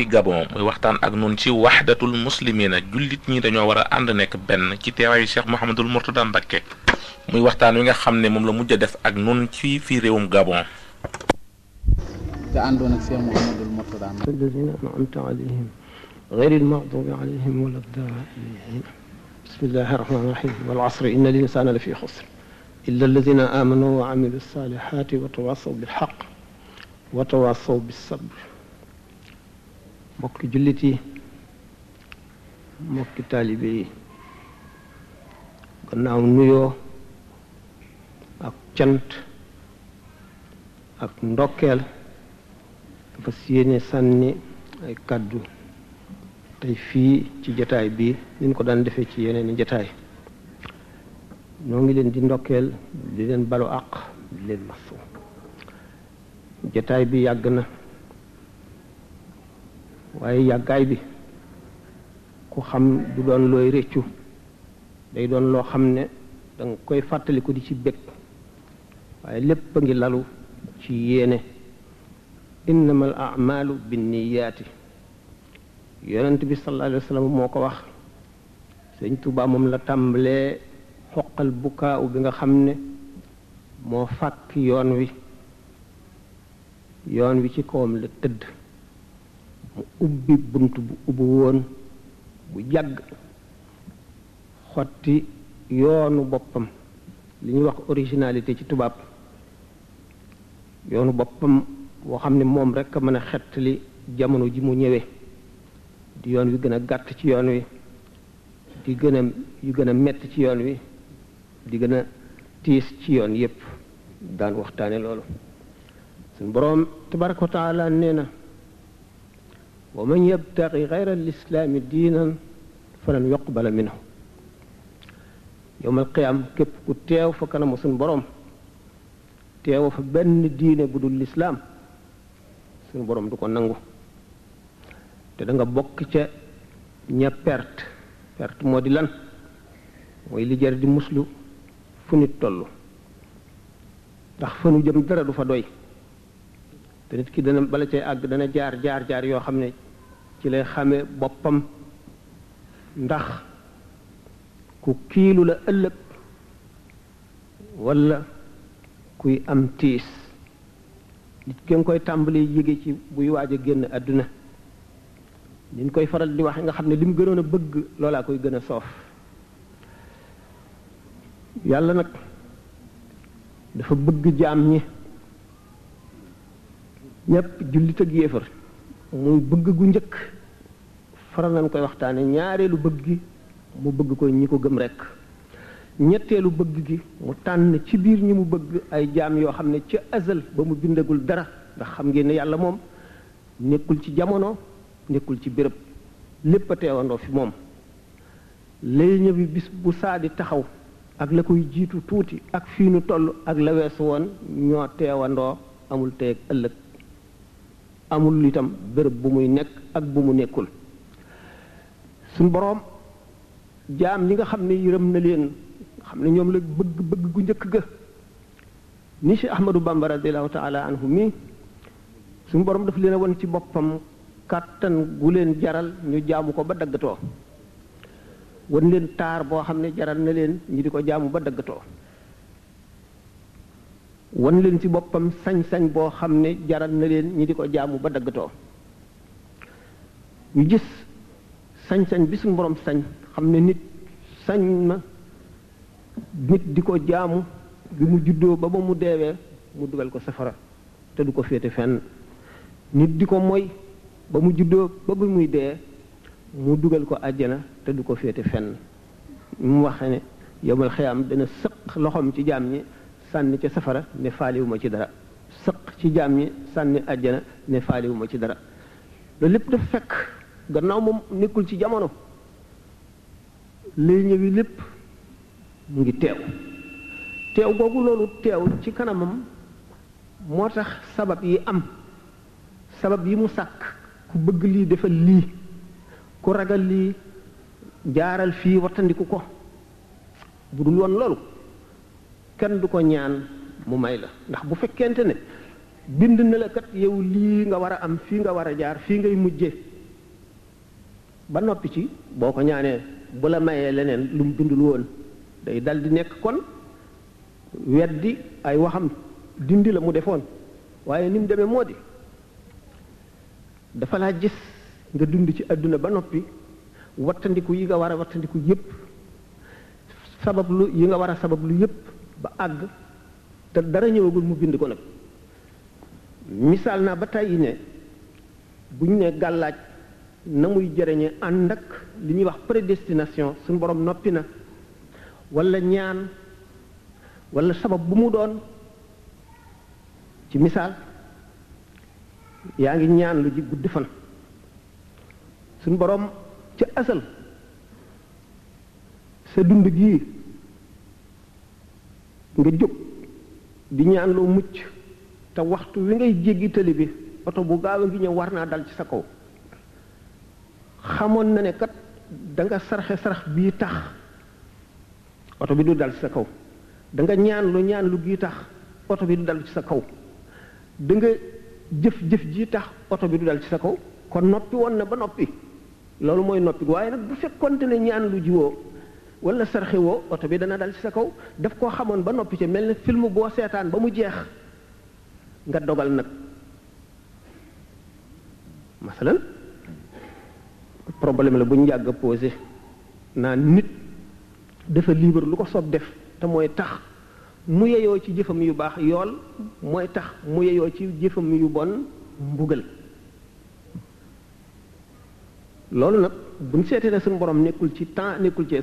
fi gabon muy waxtaan ak nun ci waxdatul muslimina jullit ñi dañoo war a ànd nekk benn ci teewaayu cheikh mohamadul murtada mbakke muy waxtaan wi nga xam ne moom la mujj a def ak nun ci fi réewum gabon te àndoon ak cheikh mohamadul murtada alladina anamta alayhim غير المغضوب عليهم ولا الضالين بسم الله الرحمن الرحيم والعصر إن الإنسان لفي خسر إلا الذين آمنوا وعملوا الصالحات وتواصوا بالحق وتواصوا بالصبر mbokki jullit yi mbokki taalibe yi gannaaw nuyoo ak cant ak ndokkeel dafa siyéene sànni ay kàddu tey fii ci jataay bi niñ ko daan defee ci yeneen i jataay ñoo ngi leen di ndokkeel di leen balu àq di leen masu jataay bi yàgg na waaye yàggaay bi ku xam du doon looy réccu day doon loo xam ne danga koy fàttaliku di ci bég waaye lépp a ngi lalu ci yéene innama al amalu binniyaati yonent bi sallallahu alayhi moo ko wax sëñ Tuubaa moom la tàmbalee xoqal bukaaw bi nga xam ne moo fàkk yoon wi yoon wi ci kawam la tëdd mu ubbi bunt bu ubbi woon bu yàgg xotti yoonu boppam li ñuy wax originalité ci tubaab yoonu boppam boo xam ne moom rek a mën a xettali jamono ji mu ñëwee di yoon wi gën a gàtt ci yoon wi di gën a yu gën a metti ci yoon wi di gën a tiis ci yoon yépp daan waxtaane loolu suñu boroom tabaraka wa taala nee na wa man yabtaxi gayra lislaami diinan falan yuqbala minhu yowmal qiyaam képp ku teew fa kanamu suñ boroom teew fa benn diine bu dul lislaam suñu borom du ko nangu te danga bokk ca ña perte perte moo di lan mooy li di muslu fu nit toll ndax fa nu jëm dara du fa doy te nit ki dana bala àgg dana jaar jaar jaar yoo xam ne ci lay xamee boppam ndax ku kiilu la ëllëg walla kuy am tiis nit ki koy tàmbali yége ci buy waaj a génn àdduna liñ koy faral di wax nga xam ne li mu gënoon a bëgg loolaa koy gën a soof yàlla nag dafa bëgg jaam ñi ñépp jullit ak yéefar muy bëgg gu njëkk faral nañ koy waxtaane ñaareelu bëgg gi mu bëgg ko ñi ko gëm rekk ñetteelu bëgg gi mu tànn ci biir ñi mu bëgg ay jaam yoo xam ne ci azal ba mu bindagul dara ndax xam ngeen ne yàlla moom nekkul ci jamono nekkul ci béréb lépp a teewandoo fi moom lay ñëwi bis bu saadi taxaw ak la koy jiitu tuuti ak fii nu toll ak la weesu woon ñoo teewandoo amul teeg ëllëg amul itam bërëb bu muy nekk ak bu mu nekkul suñ boroom jaam li nga xam ne yërëm na leen xam ne ñoom la bëgg bëgg gu njëkk ga ni Cheikh Ahmadou Bamba radiallahu taala anhu mi suñ borom daf leen a won ci boppam kàttan gu leen jaral ñu jaamu ko ba daggatoo wan leen taar boo xam ne jaral na leen ñi di ko jaamu ba daggatoo wan leen ci boppam sañ-sañ boo xam ne jaral na leen ñi di ko jaamu ba daggatoo ñu gis sañ-sañ bi su borom sañ xam ne nit sañ na nit di ko jaamu bi mu juddoo ba ba mu deewee mu dugal ko safara te du ko féete fenn nit di ko moy ba mu juddoo ba bi muy dee mu dugal ko àjjana te du ko féete fenn mu wax ne yowmal xiyaam dana sëq loxoom ci jaam ñi sànni ca safara ne faaliwuma ci dara sëq ci jaam ñi sànni àjjana ne faaliwuma ci dara loolu lépp dafa fekk gannaaw moom nekkul ci jamono lay ñëwi lépp mu ngi teew teew googu loolu teew ci kanamam moo tax sabab yi am sabab yi mu sàkk ku bëgg lii defal lii ku ragal lii jaaral fii wattandiku ko bu dul woon loolu kenn du ko ñaan mu may la ndax bu fekkente ne bind na la kat yow lii nga war a am fii nga war a jaar fii ngay mujje ba noppi ci boo ko ñaanee bu la mayee leneen lu mu bindul woon day dal di nekk kon weddi ay waxam dindi la mu defoon waaye ni mu demee moo di dafa laa gis nga dund ci àdduna ba noppi wattandiku yi nga war a wattandiku yépp sabab lu yi nga war a sabab lu yépp ba àgg te dara ñëwagul mu bind ko nag misaal naa ba tey ne buñ nee gàllaaj na muy jëriñe ànd ak li ñuy wax prédestination suñu boroom noppi na wala ñaan wala sabab bu mu doon ci misaal yaa ngi ñaan lu ji guddi fan suñu boroom ca asal sa dund gii nga jóg di ñaan loo mucc te waxtu wi ngay jéggi tali bi oto bu gaaw a ngi ñëw war naa dal ci sa kaw xamoon na ne kat da nga sarxe sarax bi tax oto bi du dal ci sa kaw da nga ñaan lu ñaan lu gii tax oto bi du dal ci sa kaw da nga jëf jëf ji tax oto bi du dal ci sa kaw kon noppi woon na ba noppi loolu mooy noppi waaye nag bu fekkonte ne ñaan lu jiwoo wala sarxiwoo oto bi dana dal ci sa kaw daf koo xamoon ba noppi ci mel na film boo seetaan ba mu jeex nga dogal nag masalan problème la bu ñu yàgg a posé naan nit dafa libre lu ko soob def te mooy tax mu yeyoo ci jëfam yu baax yool mooy tax mu yeyoo ci jëfam yu bon mbugal loolu nag buñ seetee ne suñu borom nekkul ci temps nekkul ci